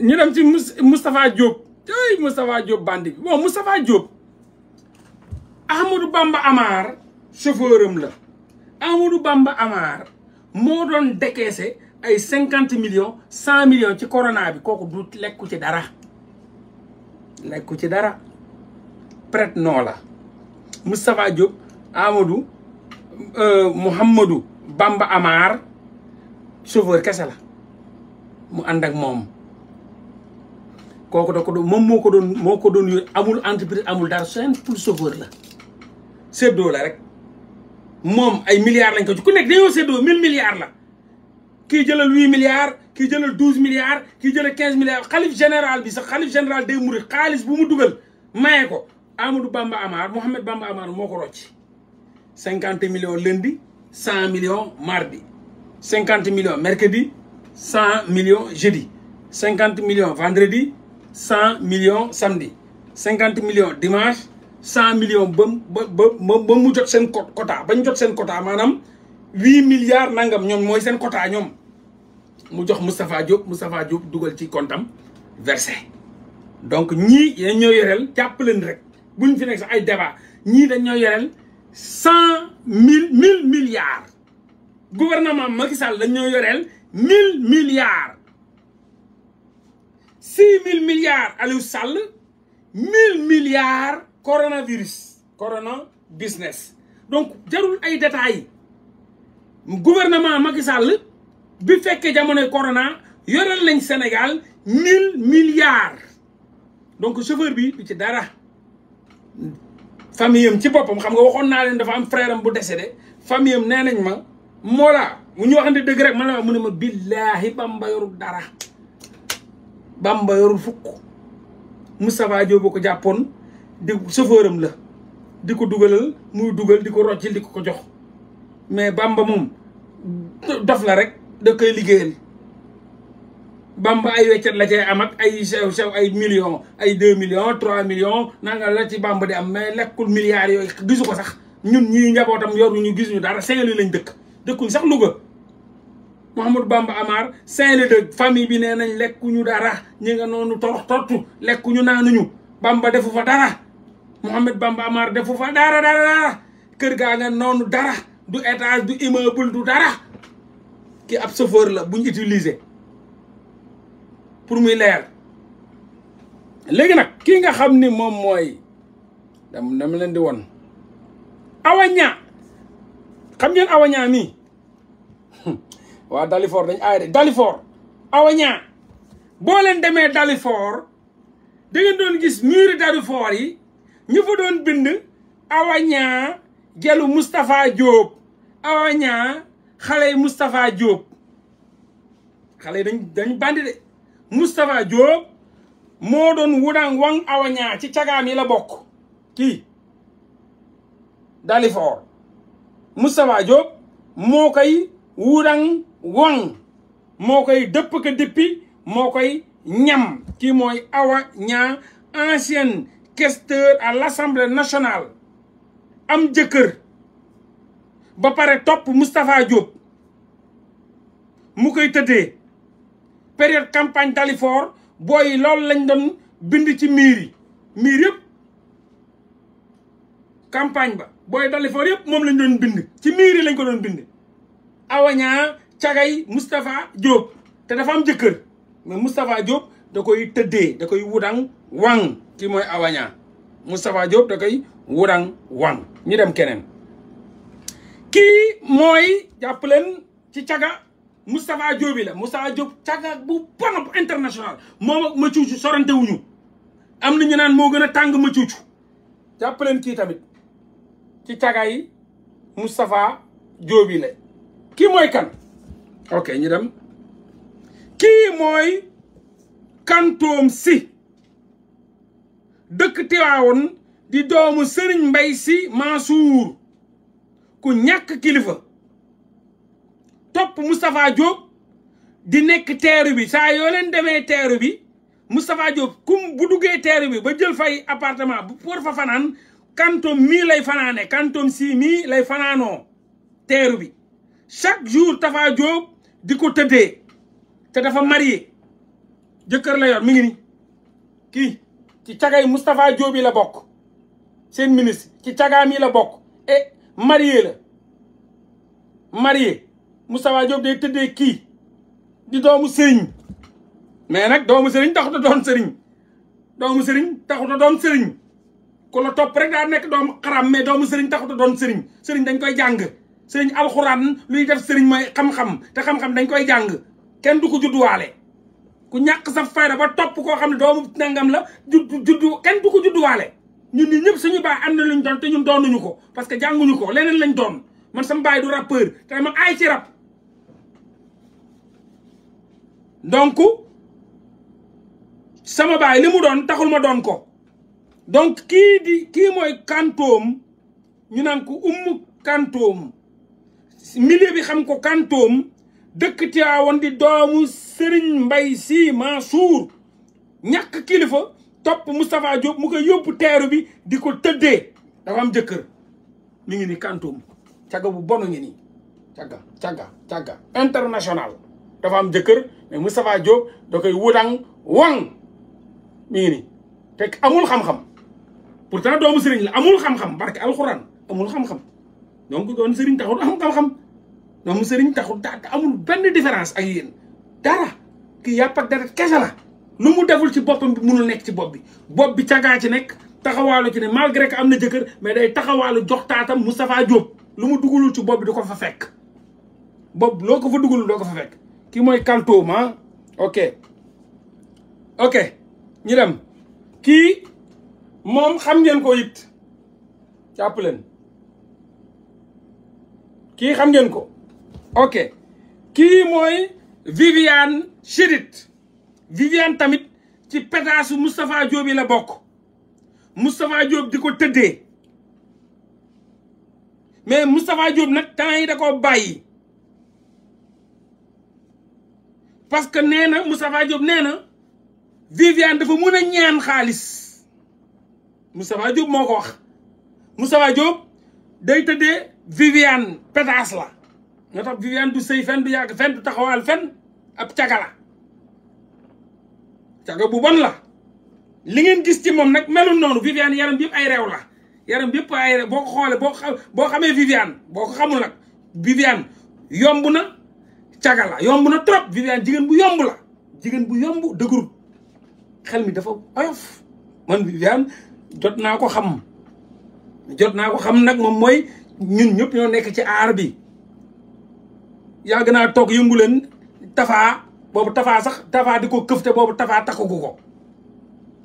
ñu dem ci Moustapha Diop ay Moustapha Diop bandi bi bon Moustapha Diop Bamba Amar chauffeur la Ahmadou Bamba Amar moo doon décaissé ay cinquante millions cent millions ci corona bi kooku du lekku ci dara lekku ci dara prête noo la Moustapha Diop Amadou euh, Mouhamadou Bamba Amar chauffeur kese la mu ànd moom kooku da ko doon moom moo ko doon moo ko doon amul entreprise amul dara simple chauffeur la séddoo la rek moom ay milliards lañ ko ci ku nekk dañoo séddoo mille milliards la kii jëlal huit milliards kii jëlal douze milliards kii jëlal quinze milliards xalif général bi sax xalif général day murit xaalis bu mu dugal maye ko Amadou Bamba Amar Mouhamed Bamba Amar moo ko rocc cinquante millions lundi cent millions mardi cinquante millions mercredi cent millions jeudi cinquante millions vendredi cent million samedi cinquante million dimanche cent million ba ba ba ba mu jot seen quota ba ñu jot seen quota maanaam huit milliards nangam ñoom mooy seen quota ñoom mu jox Moustapha Diop Moustapha Diop dugal ci kontam versé donc ñii dañ ñoo yoreel jàpp leen rek buñ fi nekk sax ay débat ñii dañ ñoo cent mille mille milliards gouvernement Macky Sall dañ ñoo yoreel mille milliards six mille milliards Aliou Sall mille milliards coronavirus corona business donc jarul ay détails gouvernement Macky sàll bi fekkee jamonoy corona yoral nañ Sénégal mille milliards donc chauffeur bi du ci dara famille ci boppam xam nga waxoon naa leen dafa am frère bu dese famille am nee nañ ma moo la mu ñu waxante dëgg rek man la mu ne ma billaahi bamba yorul dara Bamba yorul fukk Moustapha Diop ko jàppoon di chauffeur am la di ko dugalal muy dugal di ko roccil di ko jox mais Bamba moom dof la rek da koy liggéeyal ay weccat la cay am ay sew sew ay million ay deux million trois million nanga la ci Bamba di am mais lekkul milliards yooyu gisu ko sax ñun ñuy njabootam yoruñu gisuñu daal Saint-Louis lañ dëkk dëkkuñ sax Louga Mouhamadou Bamba Amar Saint-Louis famille bi nee nañ lekkuñu dara ñi nga noonu torox tortu lekkuñu naanuñu Bamba defu fa dara Mouhamed Bamba Amar defu fa dara dara kër gaa nga noonu dara du étage du immeuble du dara ki ab chauffeur la buñ utiliser pour muy leer léegi nag ki nga xam ni moom mooy dam dama leen di won awaña xam ngeen awaña nii waa Dalifort dañu aay de Dalifort awañaa boo leen demee Dalifort da ngeen doon gis mur Dalifort yi ñu fa doon bind awañaa gelu Moustapha Diop awañaa xale yi Moustapha Diop xale yi dañ dañ bandi de Moustapha Diop moo doon wudaan wang awañaa ci cagaam yi la bokk kii Dalifort Moustapha Diop moo koy wudang waŋ moo koy dëpp ka dëppi moo koy ñam kii mooy Awa Niang ancienne questeur à l'Assemblée national am jëkkër ba pare topp Moustapha Diop mu koy tëddee période campagne Dalifort booy loolu lañ doon bind ci miir yi miir yëpp campagne ba booy Dalifort yëpp moom lañ doon bind ci miir lañ ko doon bind Awa Niang cagay Moustapha Diop te dafa am jëkkër mais Moustapha Diop da koy tëddee da koy wudang wang kii mooy awaña Moustapha Diop da koy wudang wang ñu dem keneen kii mooy jàpp ci caga Moustapha Diop bi la Moustapha Diop caga bu bon bu international moom ak Mathiucou sorante am na ñu naan moo gën a tàng ma jàpp leen kii tamit ci caga yi Moustapha Diop bi mooy kan ok ñu kii mooy kantoom si dëkk Tiwaawoon di doomu Sëriñ Mbay si Mansour ku ñakk kilifa topp Moustapha Diop di nekk teeru bi saa yoo leen demee teeru bi Moustapha Diop kum bu duggee teeru bi ba jël fay appartement bu pour fa fanaan kantoom mii lay fanaane kantoom si mii lay fanaanoo teeru bi chaque jour Tafa Diop di ko tëddee te dafa marié jëkkër la yor mi ngi ni kii ci cagay Moustapha Diop yi la bokk seen ministre ci cagaam yi la bokk et marié la marié Moustapha Diop day tëddee kii di doomu sëriñ mais nag doomu sëriñ taxut a doon sëriñ doomu sëriñ taxut a doon sëriñ ku la topp rek daa nekk doomu xaram mais doomu sëriñ taxut a doon sëriñ sëriñ dañ koy jàng sëriñ alxuraan luy def sëriñ ma xam-xam te xam-xam dañ koy jàng kenn du ko judduwaale ku ñàkk sa fayda ba topp koo xam ne doomu nangam la juddu juddu kenn du ko judduwaale ñun ñi ñëpp suñu baay am na luñ doon te ñu doonuñu ko parce que jànguñu ko leneen lañ doon man sama baay du rappeur te dama aay ci rap donc sama baay li doon taxul ma doon ko donc kii di kii mooy kantoom ñu naan ko umm kantoom milieu bi xam ko kantoom dëkk Tiwaawan di doomu Serigne mbay Sy Mansour ñàkk kilifa topp Moustapha Diop mu koy yóbbu teeru bi di ko tëddee dafa am jëkkër mi ngi ni kantoom cagga bu bonu ngi nii cagga cagga international dafa am jëkkër mais Moustapha Diop da koy wudang wang mi ngi ni te amul xam-xam pourtant doomu Serigne la amul xam-xam barke alxuraan amul xam-xam donc doon sëriñ taxul am xam-xam doomu sëriñ taxul da amul benn différence ak yéen dara kii yàpp dara kese la lu mu deful ci boppam bi munul nekk ci bopp bi bopp bi cagaa ci nekk taxawaalu ci ne malgré am na jëkkër mais day taxawaalu jox taatam Moustapha Diop lu mu dugalul ci bopp bi du ko fa fekk bopp loo ko fa dugalul doo ko fa fekk kii mooy kaltoom ah ok ok ñu dem kii moom xam ngeen ko it jàpp leen kii xam ngeen ko ok kii mooy Viviane Chidid Viviane tamit ci pétaasu Moustapha Diop yi la bokk Moustapha Diop di ko tëddee mais Moustapha Diop nag temps yi da koo bàyyi parce que nee na Moustapha Diop nee na Viviane dafa mën a ñaan xaalis Moustapha Diop moo ko wax Moustapha Diop day tëddee Viviane pétasse la ñoo tax Viviane du sëy fenn du yàgg fenn du taxawaal fenn ab caga la bu bon la li ngeen gis ci moom nag melul noonu Viviane yaram bi ay reew la yaram bi yëpp ay reew boo ko xoolee boo boo xamee Viviane boo ko xamul nag Viviane yomb na cagala yomb na trop Viviane jigéen bu yomb la jigéen bu yomb dëgërut xel mi dafa oyof man Viviane jot naa ko xam jot naa ko xam nag moom mooy ñun ñëpp ñoo nekk ci aar bi yàgg naa toog yëngu leen tafaa boobu tafaa sax tafaa di ko këfte boobu tafaa takkugu ko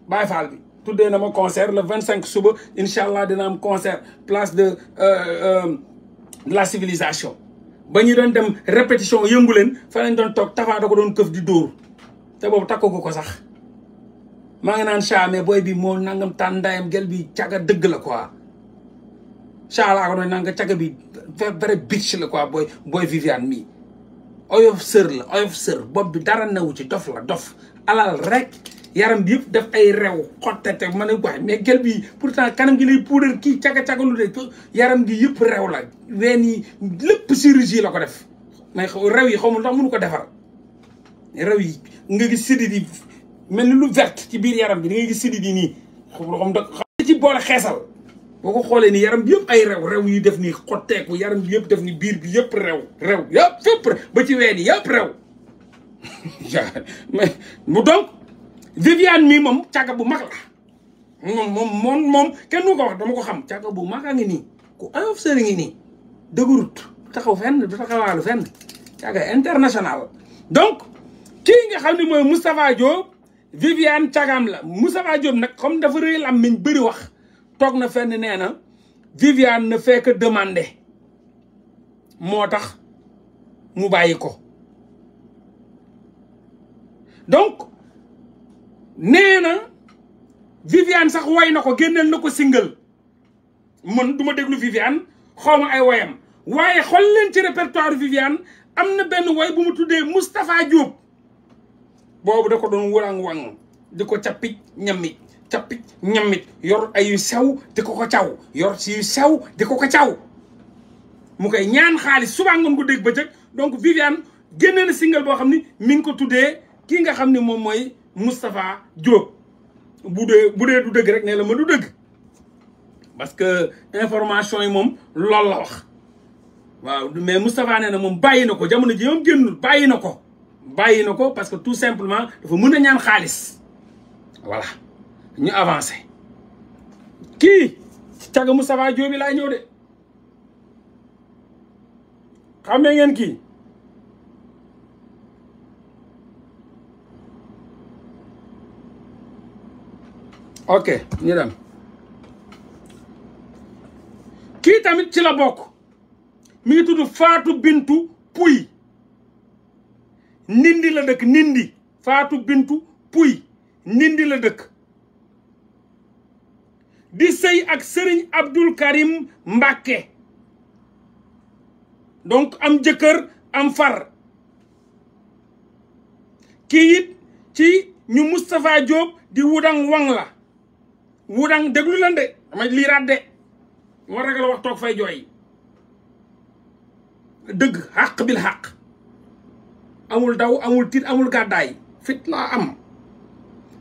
Baay Faal bi tuddee na ma concert le vingt cinq suba incha allah dina am concert place de euh, euh, de la civilisation ba ñu doon dem répétition yëngu leen fa lañ doon toog tafaa da ko doon këf di dóor te boobu takkugu ko sax maa ngi naan chaame booy bi moo nangam tàndaayam gel bi caga dëgg la quoi Saala ko doon naan nga bi vrai bitch la quoi booy booy Viviane mii oyof sër la oyof sër bopp bi dara newu ci dof la dof alal rek yaram bi yëpp def ay rew xottete ma ne waaye mais gel bi pourtant kanam gi lay puudar kii caga-cagalu de yaram gi yëpp rew la ween yi lépp chirurgie la ko def mais rew yi xaw ma ndax mënu ko defar rew yi nga gis sidit yi me ni lu vert ci biir yaram bi da ngay gis sidit yi nii xam da ci boole xeesal boo ko xoolee ni yaram bi yëpp ay rew rew yu def ni xotteeku yaram bi yëpp def ni biir bi yëpp rew rew yëpp fépp ba ci ween yëpp rew mais donc Viviane mii moom càgga bu mag la moom moom kenn du ko wax dama ko xam càgga bu mag a ngi nii ku oyof sëri ngi nii dëgërut taxaw fenn du taxawaalu fenn càgga international donc kii nga xam ne mooy Moustapha Diop Viviane càggam la Moustapha Diop nag comme dafa rëy làmmiñ bëri wax toog na fenn nee na Viviane na fait demande moo tax mu bàyyi ko donc nee na Viviane sax woy na ko génneel na ko single mën duma déglu Viviane xaw ma ay woyam waaye xool leen ci répertoire Viviane am na benn woy bu mu tuddee Moustapha Diop boobu da ko doon wërang wang di ko cappic ñammit cappit ñammit yor ay yu sew di ko ko caw yor si yu sew di ko ko caw mu koy ñaan xaalis suba ngoon ko dégg bëccëg donc Viviane génne na single boo xam ni mi ngi ko tuddee kii nga xam ne moom mooy Moustapha Diop bu dee bu dee du dëgg rek ne la ma du dëgg parce que information yi moom loolu la wax waaw mais Moustapha nee na moom bàyyi na ko jamono ji moom génnul bàyyi na ko bàyyi na ko parce que tout simplement dafa mën a ñaan xaalis voilà ñu avancé kii caga mu Diop bi laa ñëw de xam xamee ngeen kii ok ñu dem kii tamit ci la bokk mi ngi tudd Fatou Bintou Pouy Nindi la dëkk Nindi Fatou Bintou Pouy Nindi la dëkk di sëy ak sëriñ Abdul Karim Mbàkke donc am jëkkër am far kii it ci ñu Moustapha Diop di wudang wang la wudang déglu lan de damay lii radde moo ragal wax toog fay jooy dëgg xàq bil xàq amul daw amul tiit amul gàddaay fit am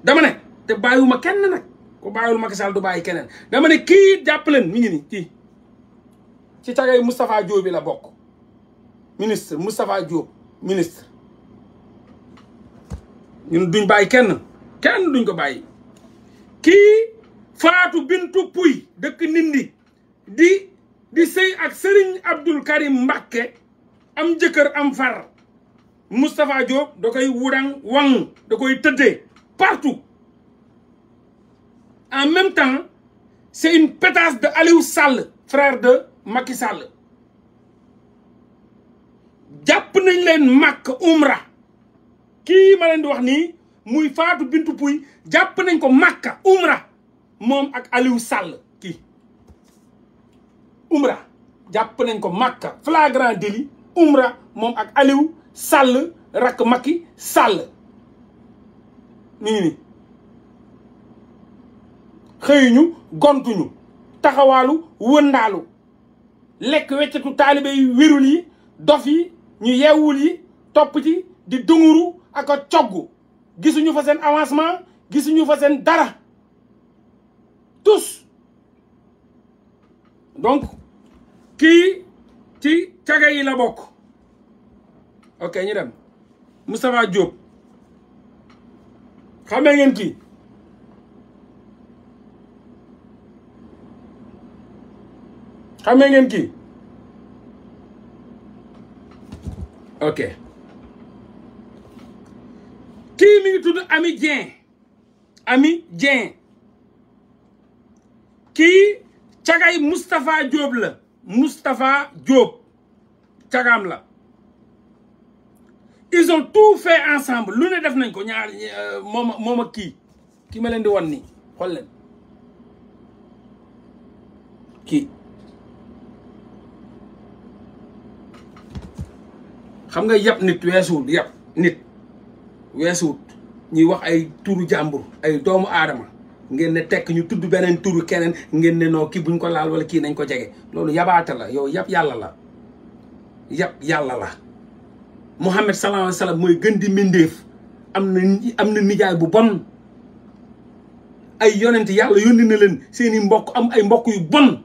dama ne te bàyyiwuma kenn nag ku bàyyiwul Macky du bàyyi keneen dama ne kii jàppaleen mi ngi ni kii ci cagay Moustapha Diop la bokk ministre Moustapha Diop ministre ñun duñ bàyyi kenn kenn duñ ko bàyyi kii Fatou Bintou Pouy dëkk Nindi di di sëy ak Serigne Abdoul Karim Mbacké am jëkkër am far Moustapha Diop da koy wurang wang da koy tëddee partout en même temps c'est une pétasse de Aliou Sall frère de Macky Sall jàpp nañ leen màkk umra kii leen di wax nii muy faatu Bintou Pouye jàpp nañ ko màkka umra moom ak Aliou Sall kii umra jàpp nañ ko màkka flagrant délit umra moom ak Aliou Sall rakk Macky Sall nii nii xëyuñu gontuñu taxawaalu wëndaalu lekk weccetu taalibe yi wérul yi dof yi ñu yeewul yi topp ci di dunguru ak a gisuñu fa seen avancement gisuñu fa seen dara tous donc kii ci caga yi la bokk ok ñu dem Moustapha Diop xamee ngeen ki xamee ngeen kii ok kii mi ngi tudd Ami Dieng Ami Dieng kii cagay Moustapha Diop la Moustapha Diop cagaam la ils ont tout fait ensemble lu ne def nañ ko ñaar euh, moom ak kii kii ma leen di wan ni xool leen kii xam nga yab nit weesuwut yab nit weesuwut ñuy wax ay turu jàmbur ay doomu aadama ngeen ne tekk ñu tudd beneen turu keneen ngeen ne noo kii buñ ko laal wala kii nañ ko jege loolu yabaate la yow yab yàlla la yab yàlla la Muhammad sallallahu alayhi wa mooy gën di mbindéef am na am na nijaay bu bon ay yonent yàlla yónni na leen seeni mbokk am ay mbokk yu bon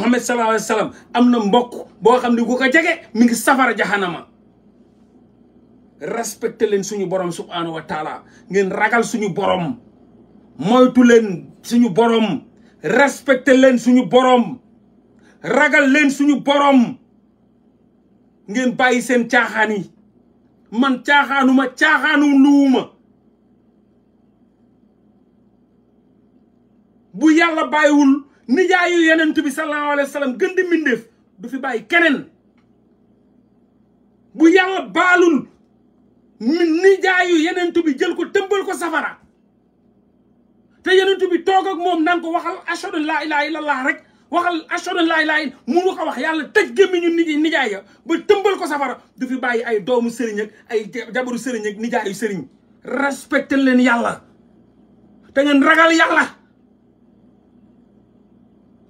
Muhammad sallallahu alayhi am na mbokk boo xam ne ku ka jege mi ngi safara jahanama respecté leen suñu borom subhanahu wa taala ngeen ragal suñu borom moytu leen suñu borom respecté leen suñu borom ragal leen suñu borom ngeen bàyyi seen caaxaan yi man caaxaanuma caaxaanu luwuma bu yàlla bàyyiwul nijaayu yonent bi sallallahu alayhi wa sallam gën di mbindéef du fi bàyyi keneen bu yàlla baalul nijaayu yeneen bi jël ko tëmbal ko safara te yonent bi toog ak moom nan ko waxal ashhadu laa ilaaha illallah rek waxal ashhadu laa ilaaha illallah munu ko wax yàlla tëj gémmiñu nit ñi nijaay ya ba tëmbal ko safara du fi bàyyi ay doomu sëriñ ak ay jabaru sëriñ ak nijaayu sëriñ respecté leen yàlla te ngeen ragal yàlla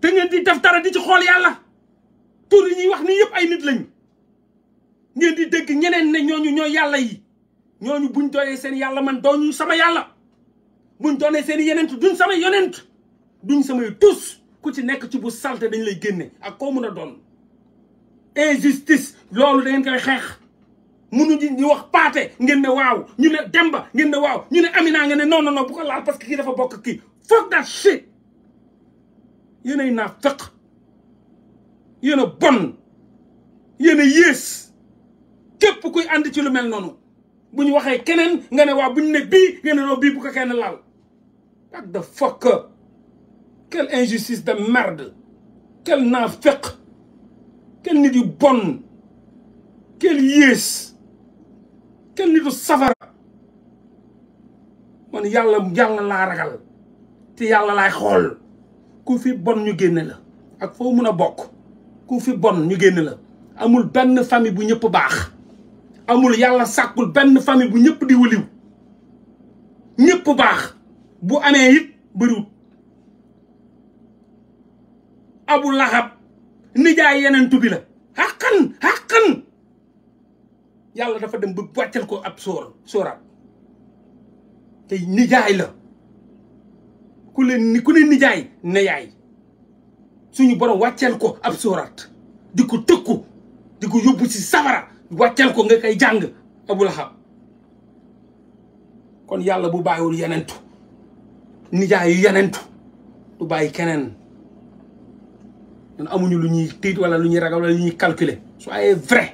te ngeen di def dara di ci xool yàlla tur yi ñuy wax ni yëpp ay nit lañ ngeen di dégg ñeneen ne ñooñu ñoo yàlla yi ñooñu buñ doonee seen yàlla man dooñu sama yàlla buñ doonee seen yenent duñ sama yonent duñ samay tus ku ci nekk ci bu salte dañ lay génne ak koo na a doon injustice loolu da ngeen koy xeex mënuñu ñu wax paate ngeen ne waaw ñu ne demba ngeen ne waaw ñu ne amina ngeen ne non non non bu ko laal parce que kii dafa bokk kii foog that yéen ay naafeq yéen a bon yéen a yées képp kuy ànd ci lu mel noonu bu ñu waxee keneen nga ne waa bu ñu ne bii nga ne noo bii bu ko kenn laal what the fuck quelle injustice de merde quel naafeq quel nit yu bon quel yées quel nitu safara man yàlla yàlla laa ragal te yàlla laay xool ku bon ñu génne la ak foo mën a bokk ku bon ñu génne la amul benn famille bu ñëpp baax amul yàlla sàkkul benn famille bu ñëpp di wëliw ñëpp baax bu amee it bëriwut abu laxab nijaay yeneen tubi la xaqan xaqan yàlla dafa dem ba wàccal ko ab sóor sóoraat te nijaay la ku leen ni ku ne nijaay ne yaay suñu borom wàcceel ko ab sóoraat di ko tëkku di ko yóbbu ci sabara wàcceel ko nga koy jàng Abu Lahab kon yàlla bu bàyyiwul yenentu nijaay yu yenentu du bàyyi keneen ñun amuñu lu ñuy tiit wala lu ñuy ragal wala lu ñuy calculer soyez vrai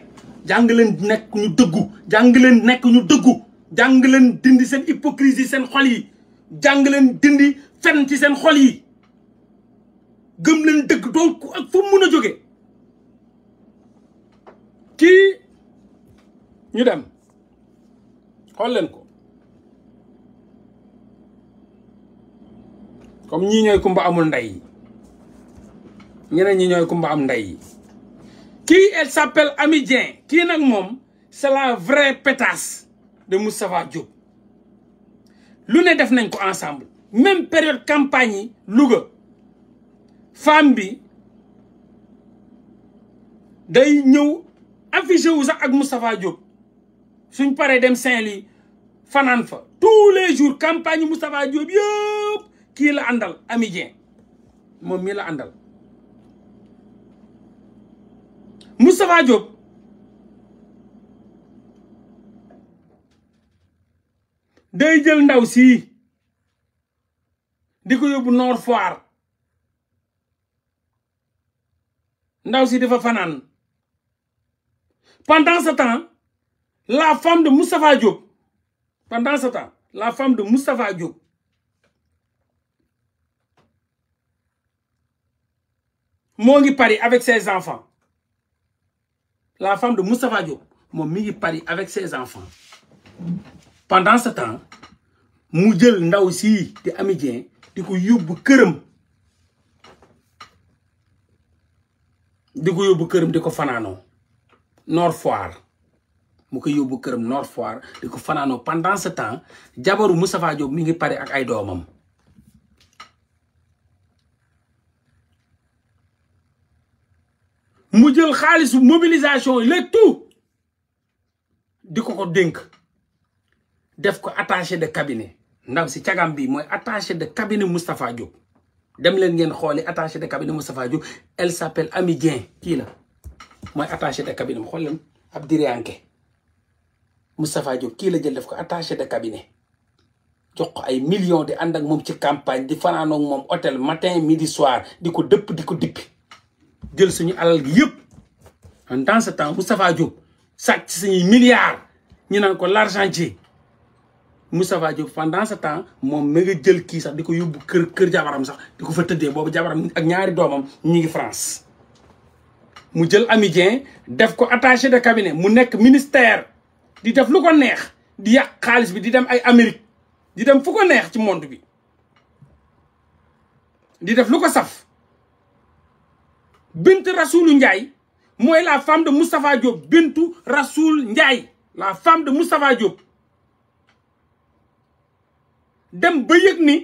jàng leen nekk ñu dëggu jàng leen nekk dëggu jàng leen dindi seen hypocrisie seen xol yi jàng leen dindi fen ci seen xol yi gëm leen dëgg doo ak fu a jóge kii ñu dem xool leen ko comme ñii ñooy kumba amul ndey yi ñeneen ñi ñooy kumba am ndey ki kii elle s'appelle Ami Dieng kii nag moom c'est la vraie pétasse de Moustapha Diop lu ne def nañ ko ensemble même période campagne yi Louga femme bi day ñëw affiché wu sax ak Moustapha Diop suñ paree dem Saint-Louis fanaan fa tous les jours campagne Moustapha Diop yëpp kii la àndal Ami moom mi la àndal Moustapha Diop day jël ndaw sii di ko yóbbu Nord Foire ndaw si dafa fanaan pendant ce la femme de Moustapha Diop pendant ce la femme de Moustapha Diop moo ngi pari avec ses enfants la femme de Moustapha Diop moom mi ngi pari avec ses enfants pendant ce mu jël ndaw si di Ami di ko yóbbu këram di ko yóbbu këram di ko fanaanoo noor Foire mu ko yóbbu këram noor Foire di ko fanaanoo pendance ce temps jabaru Moustapha Diop mi ngi pare ak ay doomam mu jël xaalisu mobilisation le tout di ko ko dénk def ko attaché de cabinet ndaw si cagam bi mooy attaché de cabinet Moustapha Diop dem leen ngeen xooli attaché de cabinet Moustapha Diop elle s'appelle Ami Dieng kii la mooy attaché de cabinet mu xool leen ab diriyanke Moustapha Diop kii la jël def ko attaché de cabinet jox ko ay millions di ànd ak moom ci campagne di fanaanoog moom hôtel matin midi soir di ko dëpp di ko dippi jël suñu alal gi yëpp en dans ce temps Moustapha Diop sàcc suñuy milliards ñu naan ko l'argentier Moustapha Diop pendant temps moom mi nga jël kii sax di ko yóbbu kër kër jabaram sax di ko fa tëddee boobu jabaram ak ñaari doomam ñu ngi France mu jël Ami Dieng def ko attaché de cabinet mu nekk ministère di def lu ko neex di yàq xaalis bi di dem ay Amérique di dem fu ko neex ci monde bi di def lu ko saf Bint Rasoul Ndiaye mooy la femme de Moustapha Diop Bintu Rasoul Ndiaye la femme de Moustapha Diop dem ba yëg ni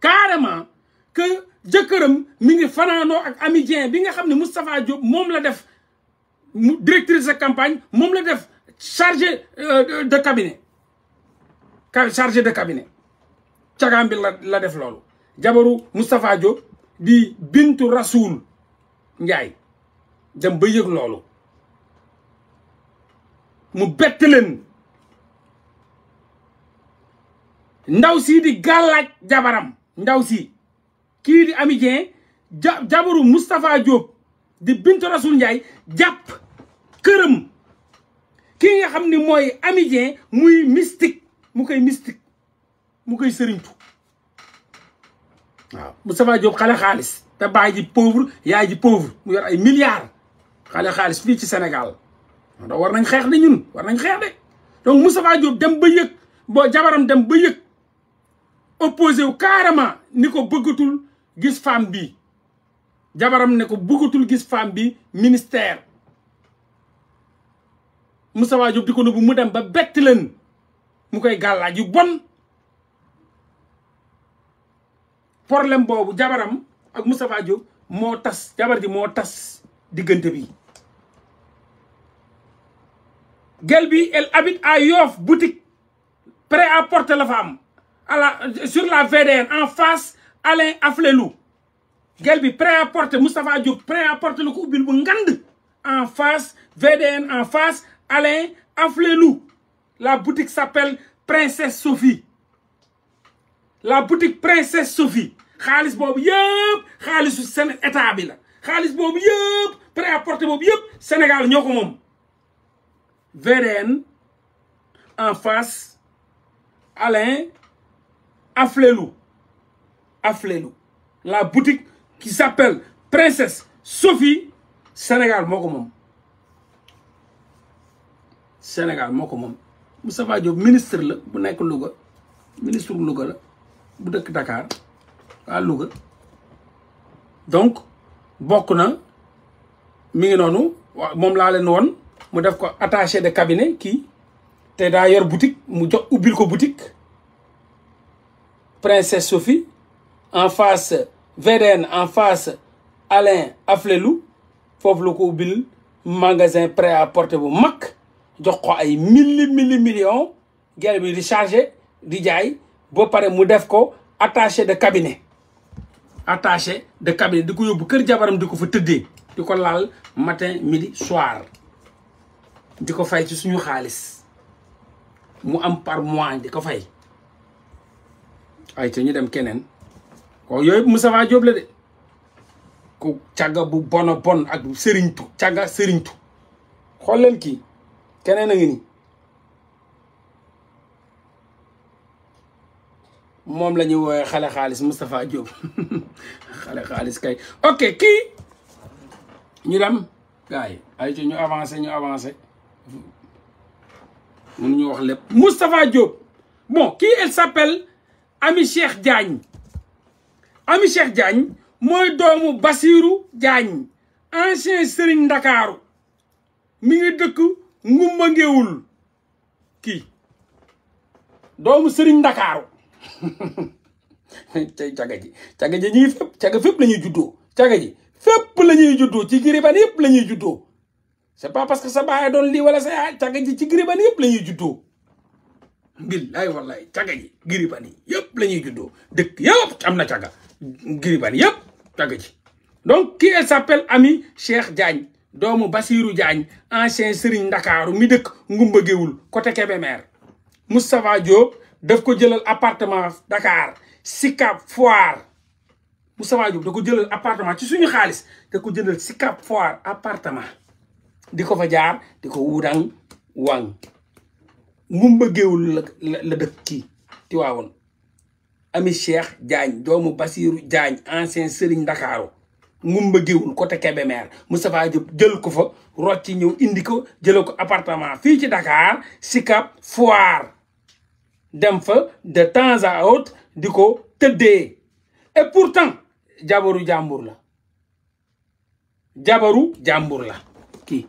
carrément que jëkkëram mi ngi fanaanoo ak amidien bi nga xam ne Moustapha Diop moom la def directrice de campagne moom la def chargé euh, de cabinet chargé de cabinet cagaam bi la la def loolu jabaru Moustapha Diop di Bintu Rasoul Ndiaye dem ba yëg loolu mu bett ndaw sii di gàllaaj jabaram ndaw sii kii di Amy Dieng ja jabaru Moustapha Diop di Bintu Rasoul Ndiaye jàpp këram kii nga xam ne mooy Amy muy mystique mu koy mystique mu koy sëriñtu waaw Moustapha Diop xale xaalis te baay ji pauvre yaay ji pauvre mu yor ay milliards xale xaalis fii ci Sénégal donc war nañ xeex de ñun war nañ xeex de donc Moustapha Diop dem ba yëg boo jabaram dem ba yëg opposé wu carrément ni ko bëggatul gis femme bi jabaram ne ko bëggatul gis femme bi ministère Moustapha Diop di ko nëbbu mu dem ba bett mu koy gàllaaj yu bon problème boobu jabaram ak Moustapha Diop moo tas jabar ji moo tas diggante bi gel bi elle habite à Yoff boutique prêt à porte la fa am à la sur la VDN en face Alain Aflelou gel bi prêt à porter Moustapha Diop prêt à porter bu ngand en face VDN en face Alain Aflelou la boutique s'appelle Princesse Sophie la boutique Princesse Sophie xaalis boobu yëpp xaalisu seen état bi la xaalis boobu yëpp prêt boobu yëpp Sénégal ñoo ko moom VDN en face Alain Aflelou. Aflelou. La boutique qui s'appelle Princesse Sophie Sénégal moo ko moom Sénégal moo ko moom Moustapha Diop ministre la bu nekk Louga ministre bu Louga la bu dëkk Dakar waa Louga donc bokk na mu ngi noonu waa moom laa leen woon mu def ko attaché de cabinet kii te daa yor boutique mu jox ubbil ko boutique Princesse Sophie en face VDN en face Alain Afflelou foofu la ko ubbil magasin prêt à porter bu mag jox ko ay milli million millions bi di chargé di jaay ba pare mu def ko attaché de cabinet attaché de cabinet di ko yóbbu kër jabaram di ko fa tëddee di ko laal matin midi soir di ko fay ci suñu xaalis mu am par mois di ko fay ay ñu dem keneen ko oh, yooyu Moustapha Diop la de ku càgga bu bona bon ak sëriñtu càgga sëriñtu xool ki kii keneen a ngi ni moom la ñuy woowee xale xaalis Moustapha Diop xale xaalis kay ok kii ñu dem gars yi ay ci ñu avancé ñu avancé mënuñu wax lépp Moustapha bon kii elle s'appelle Ami Cheikh Diagne Ami Cheikh Diagne mooy doomu Basirou Diagne ancien Serigne Ndakaaru mi ngi dëkk Ngumba Ngéwul kii doomu sëriñ Ndakaaru tey caga ji caga ji ñuy fépp caga fépp la ñuy juddoo caga ji fépp la ñuy juddoo ci giribaan yëpp la ñuy juddoo c'est pas parce que sa baay doon lii wala sa yaay caga ji ci giribaan yëpp la ñuy juddoo billaay wallaay caga ji giribaan yi yëpp la ñuy juddoo dëkk yëpp am na caga giribaan yëpp caga ji donc qui s'appelle ami Cheikh Diagne doomu Basirou Diagne ancien Serigne Ndakaaru mi dëkk Ngumba Géwul côté Kébémer Moustapha Diop daf ko jëlal appartement Dakar Sicap Foire Moustapha Diop da ko jëlal appartement ci suñu xaalis da ko jëlal Sicap Foire appartement di ko fa jaar di ko wudang wang ngumba géewul la dëkk kii Tiwaawoon ami Cheikh Diagne doomu Basiiru Diagne ancien sëriñ Ndakaaru ngumba géewul côté Kébémer Moustapha Diop jël ko fa rocc ñëw indi ko jële ko appartement fii ci Dakar Sicap Foire dem fa de temps à autre di ko tëddee et pourtant jabaru jàmbur la jabaru jàmbur la kii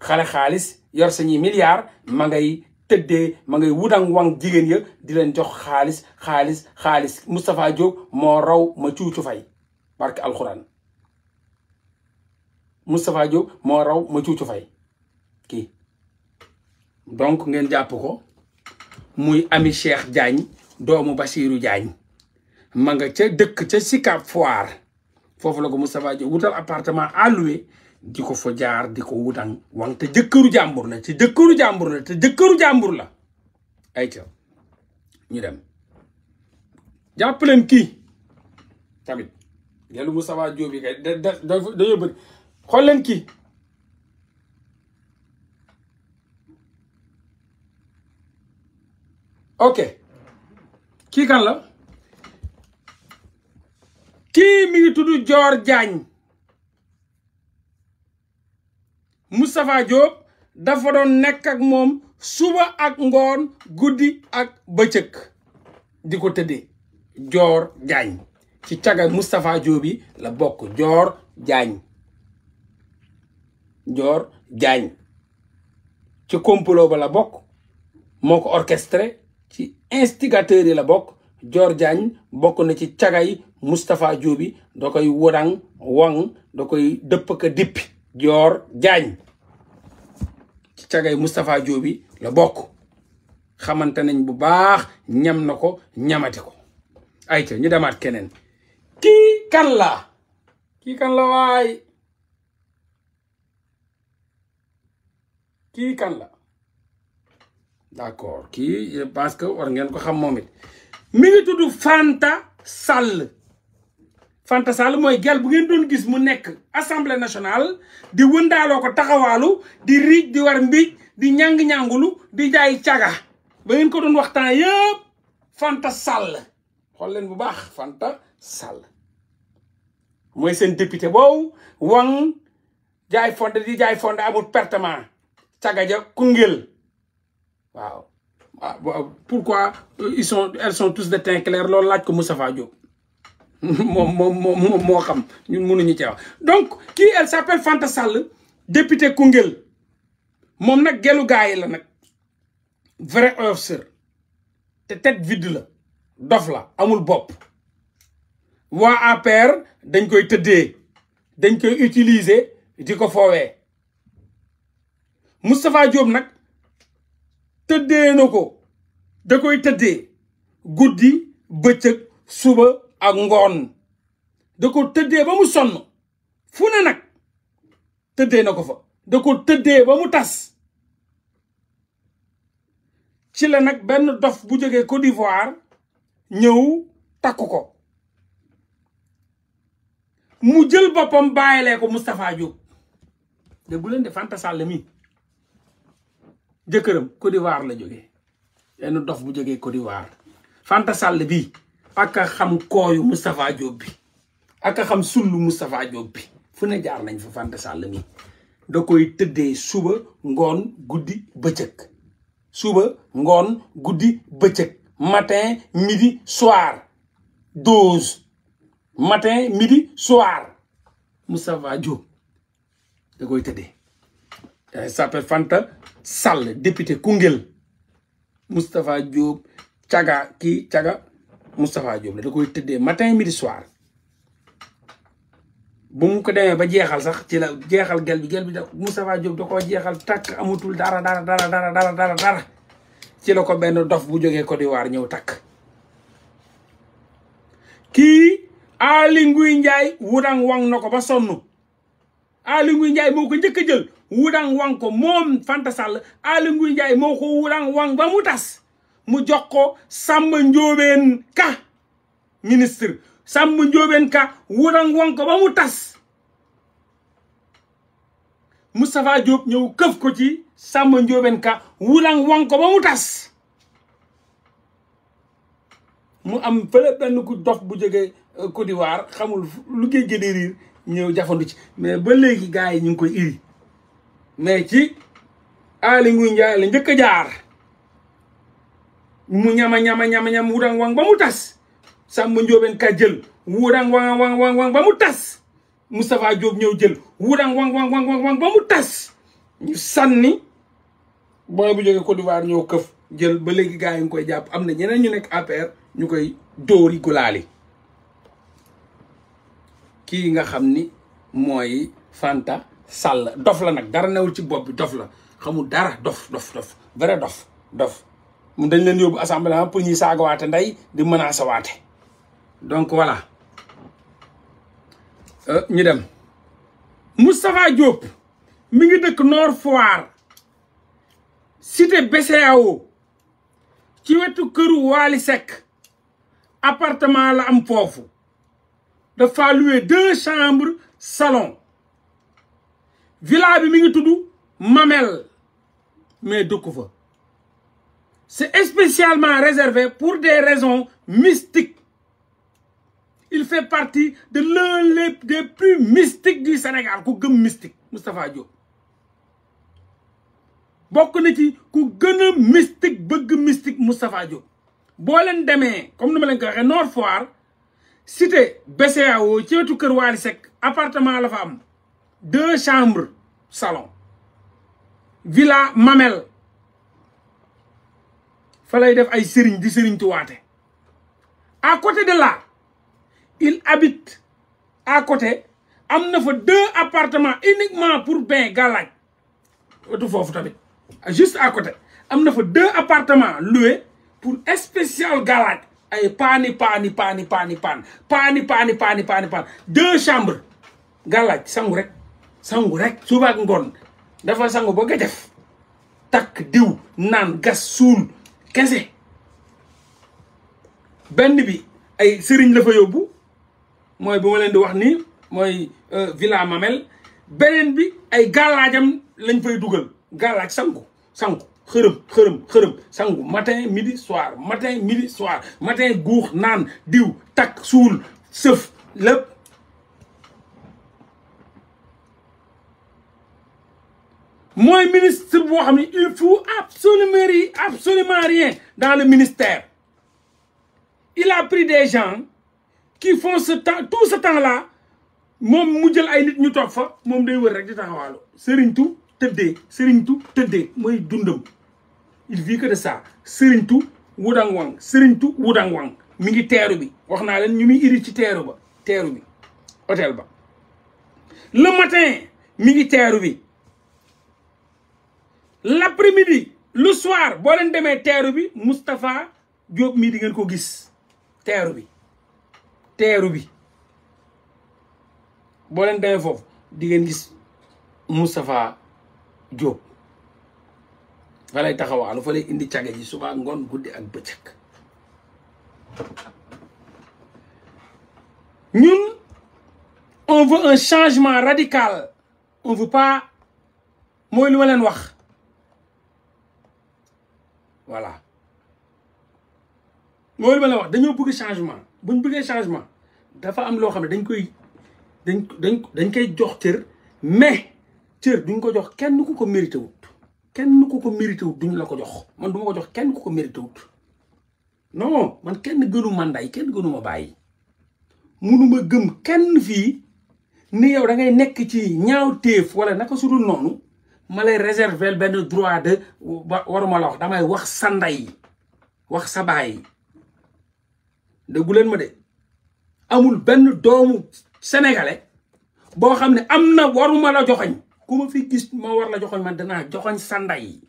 xale xaalis yor sañuy milliards ma ngay tëddee ma ngay wudang wang jigéen ya di leen jox xaalis xaalis xaalis Moustapha Diop moo raw ma cuucu fay barke alxuraan Moustapha moo raw ma cuucu kii donc ngeen jàpp ko muy ami Cheikh Diagne doomu Bassirou Diagne ma nga ca dëkk ca Sicap Foire foofu la ko Moustapha Diop wutal appartement à louer di ko fa jaar di ko wutang wang te jëkkëru jàmbur la te jëkkëru jàmbur la te jëkkëru jàmbur la ay ñu dem jàppaleen kii tamit yellu Moustapha Diop yi kay dañoo bëri xool leen ok kii kan la kii mi ngi tudd joor Diagne Moustapha Diop dafa doon nekk ak moom suba ak ngoon guddi ak bëccëg di ko tëdde joor Diagne ci caga Moustapha Diop bi la bokk joor Diagne joor Diagne ci complot ba la bokk moo ko orchestré ci instigateurs yi la bokk joor Diagne bokk na ci cagay Moustapha Diop bi da koy wodang wang da koy dëpp ka dippi Dior Diagne ci cagay Moustapha Diop bi la bokk xamante nañ bu baax ñam na ko ñamati ko ay ca ñu demaat keneen kii kan la kii kan la waay kii kan la d'accord kii je que war ngeen ko xam moom it mi ngi tudd Fanta Sall Fanta Sall mooy gel bu ngeen doon gis mu nekk assemblée nationale di wëndaaloo ko taxawaalu di riij di war mbiij di ñàng-ñàngulu di jaay caga ba ngeen ko doon waxtaan yëpp Fanta Sall xool leen bu baax Fanta Sall mooy seen député boobu waŋ jaay fonde di jaay fonde amul pertement caga ja Koungheul waaw waaw pourquoi euh, ils sont tous de teint clair loolu laaj ko Moustapha Diop moom moom moom moo xam ñun mënuñu cee wax donc kii elle s'appelle Fanta Sall député Koungheul moom nag gelu gaa yi la nag vrai officer te tête vide la dof la amul bopp waa APR dañ koy tëddee dañ koy utiliser di ko foowee Moustapha Diop nag tëddee na ko da koy tëddee guddi bëccëg suba ak ngoon da ko tëddee ba mu sonn fu ne nag tëddee na ko fa da ko tëddee ba mu tas ci la nag benn dof bu jógee Côte d'Ivoire ñëw takku ko mu jël boppam bàyyilee ko Moustapha Diop de bu leen de Fanta Sall mi jëkkëram Côte d'Ivoire la jógee benn dof bu jógee Côte d'Ivoire Fanta Sall bii ak xam kooyu Moustapha Diop bi ak a xam sullu Moustapha Diop bi fu ne jaar nañ fa Fanta Sall mi da koy tëddee suba ngoon guddi bëccëg suba ngoon guddi bëccëg matin midi soir dose matin midi soir Moustapha Diop da koy tëddee il s'appelle Fanta Sall député Koungheul Moustapha Diop caga kii caga Moustapha Diop la da koy tëddee matin midi soir bu mu ko demee ba jeexal sax ci la jeexal gel bi gel bi da Moustapha Diop da koo jeexal takk amatul dara dara dara dara dara ci la ko benn dof bu jógee Côte d'Ivoire ñëw takk kii Aly Ngouille Ndiaye wudang wang na ko ba sonn Aly Ngouille njaay moo ko njëkk a jël wudang wang ko moom Fanta Sall Aly Ngouille Ndiaye moo ko wudang wang ba mu tas mu jox ko Samba Ndiobène Ka ministre Samba Ndiobène Ka wurang won ko ba mu tas Moustapha Diop ñëw këf ko ci Samba Ndiobène Ka wurang won mu tas mu am fële benn ku dof bu jógee euh, Côte d'Ivoire xamul lu géej gi di riir ñëw jafandu ci mais ba léegi gars yi ñu ngi koy iri mais ci Aly Ngouille Ndiaye la njëkk jaar mu ñama ñama ñama ñam wurang wang ba mu tas Samba Ndiobène Ka jël wurang wang wang wang wang ba mu tas ñëw jël wurang mu tas ñu sànni booy bu jógee Côte d'Ivoire ñëw këf jël ba léegi gaa yi ngi koy jàpp am na ñeneen ñu nekk APR ñu koy dóori gulaali kii nga xam ni mooy Fanta Sall dof la nag dara newul ci bopp bi dof la xamul dara dof dof dof vrai dof dof dañ leen yóbbu assemblée pour ñuy saagawaate ndey di menacer waate donc voilà euh, ñu dem Moustapha Diop mi ngi dëkk Nord Foire cité BCEAO ci wetu këru Waly Seck appartement la am foofu dafa loué deux chambres salon villa bi mi ngi tudd Mamel mais dëkku fa c'est spécialement réservé pour des raisons mystiques. Il fait partie de l'un des plus mystiques du Sénégal, ku gëm Moustapha Diop. bokk na ci ku gën a mystique bëgg Moustapha Diop boo leen demee comme ni ma leen ko waxee Nord Foire cité BCAO ci wetu kër Waly Seck appartement la fa am deux chambres salon villa Mamel fa lay def ay sëriñ di sëriñ tuwaate à côté de là il habite à côté am na fa deux appartements uniquement pour benn gàllaaj wetu foofu tamit juste à côté am na fa deux appartements loués pour spécial gàllaaj ay paani paani paani paani paan paani paani paani paani paan deux chambres gàllaaj sangu rek sangu rek suba ngoon dafa sangu ba ga def takk diw naan gas suul kese benn bi ay sëriñ la fa yóbbu mooy bu ma leen di wax nii mooy euh, villa Mamel beneen bi ay gàllaajam lañ fay dugal gàllaaj sangu sangu xërëm xërëm xërëm sangu matin midi soir matin midi soir matin guux naan diw takk suul sëf lépp mooy ministre boo xam ne il faut absolument absolument rien dans le ministère il a pris des gens qui font ce temps tout ce temps là moom mu jël ay nit ñu toog fa moom day wër rek di taxawaalu sëriñtu tëddee sëriñtu tëddee mooy dundam il vit que de ça sëriñtu wudang wang sëriñtu wudang wang mi ngi teeru bi wax naa leen ñu muy iri ci teeru ba teeru bi hôtel ba le matin mi ngi teeru bi l'après-midi le soir boo leen demee teeru bi Moustapha Diop mii di ngeen ko gis teeru bi teeru bi boo leen demee foofu di ngeen gis Moustapha Diop fa lay taxawaalu fa lay indi cage ji suba ngoon guddi ak bëccëg ñun on veut un changement radical on veut pas mooy lu ma leen wax voilà mooy li ma la wax dañoo bëgg changement buñ bëggee changement dafa am loo xam ne dañ koy dañ dañ dañ koy jox cër mais cër duñ ko jox kenn ku ko mérité wut kenn ku ko mérité wut duñ la ko jox man du ko jox kenn ku ko mérité wut non man kenn gënu manday kenn gënu ma bàyyi munuma gëm kenn fii ni yow da ngay nekk ci ñaaw téef wala naka sudul noonu ma lay réserver benn droit de waruma la wax damay wax sa wax sa baay déggu ma de amul benn doomu sénégalais boo xam ne am na waruma la joxoñ ku ma fi gis moo war la joxoñ man danaa joxoñ sa ndey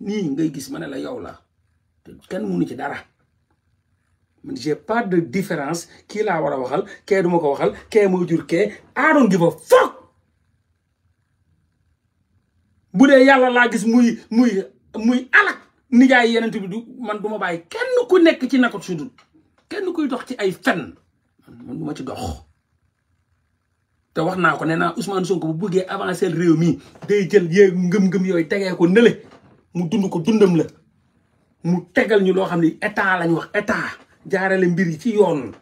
nii ngay gis ma ne la yow la te kenn mënu ci dara man j'ai pas de différence kii laa war a waxal kee duma ko waxal kee moo jur kee I don't give a bu dee yàlla laa gis muy muy muy alak nijaay yenent bi du man du ma bàyyi kenn ku nekk ci nakot sudul kenn kuy dox ci ay fen man du ma ci dox te wax naa ko nee naa Ousmane Sonko bu bëggee avancer réew mi day jël yéeg ngëm-ngëm yooyu tegee ko nële mu dund ko dundam la mu tegal ñu loo xam ni état lañ wax état jaarale mbir yi ci yoon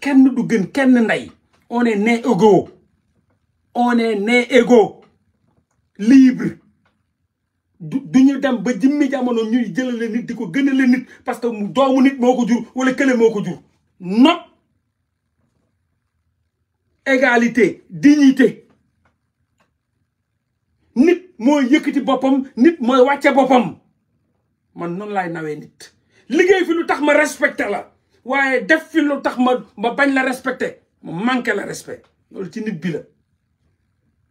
kenn du gën kenn ndey on est né égaux on est né égaux libre du ñu dem ba jimmi jamono ñuy jëlale nit di ko gënale nit parce que mu doomu nit moo ko jur wala kële moo ko jur non égalité dignité nit mooy yëkkati boppam nit mooy wàcce boppam man noonu laay nawee nit liggéey fi lu tax ma respecté la waaye def fi lu tax ma ma bañ la respecté ma manqué la respecte loolu ci nit bi la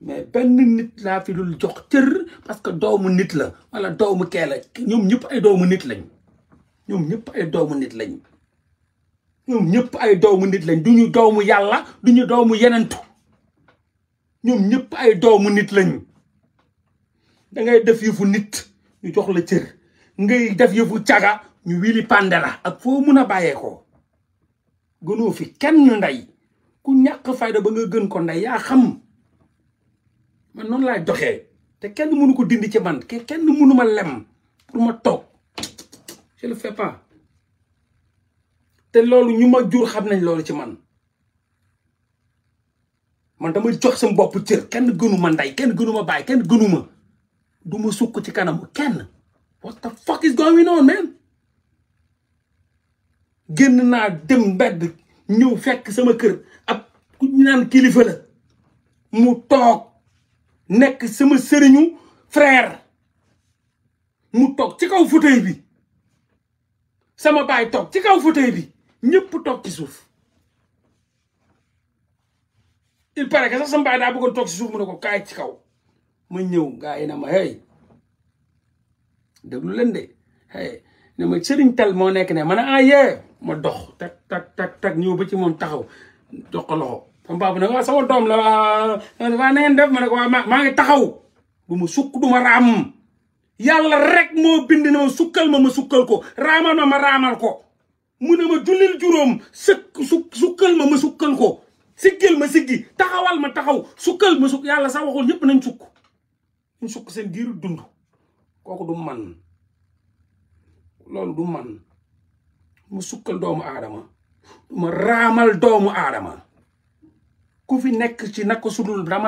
mais benn nit laa fi dul jox cër parce que doom nit la wala doomu kee la ñoom ñëpp ay doomu nit lañ ñoom ñëpp ay doomu nit lañ ñoom ñëpp ay doomu nit lañ du ñu doomu yàlla du ñu doomu yenentu ñoom ñëpp ay doomu nit lañ da ngay def yëfu nit ñu jox la cër ngay def yëfu caga ñu wili pande la ak foo mun a bàyyeekoo gënoo fi kenn ndey ku ñàkk fayda ba nga gën ko ndey yaa xam man noonu laay doxee te kenn mënu ko dindi ci man kenn mënu ma lem pour ma toog ci lu fais pas te loolu ñu ma jur xam nañ loolu ci man man dama jox sama boppu cër kenn gënu ma ndey kenn gënuma ma baay kenn gënu ma du ma sukk ci kanamu kenn what the fuck is going on man génn naa dem mbedd ñëw fekk sama kër ab ku ñu kilifa la mu toog nekk sama sëriñu frère mu toog ci kaw fauteuil bi sama baay toog ci kaw fauteuil bi ñëpp toog ci suuf il paraît que sax sama baay daa bëggoon toog ci suuf mu ne ko kaay ci kaw ma ñëw nga yi na ma hey déglu leen de hey ne ma sëriñ tel moo nekk ne ma ne ah ma dox tak tak tak tak ñëw ba ci moom taxaw dox sama papa nag ah, sama doom la ah, waa na ngeen ma ne ko waa maa ngi taxaw du ma sukk du ma raam yàlla rek moo bind na ma sukkal ma ma sukkal ko raamal ma ma raamal ko mu ne ma jullil juróom sëkk su sukkal ma ma sukkal ko siggil ma siggi taxawal ma taxaw sukkal ma sukk yàlla sax waxul ñëpp nañ sukk ñu sukk seen diiru dund kooku du man loolu du man ma sukkal doomu aadama du raamal doomu aadama ku fi nekk ci naka sudul dama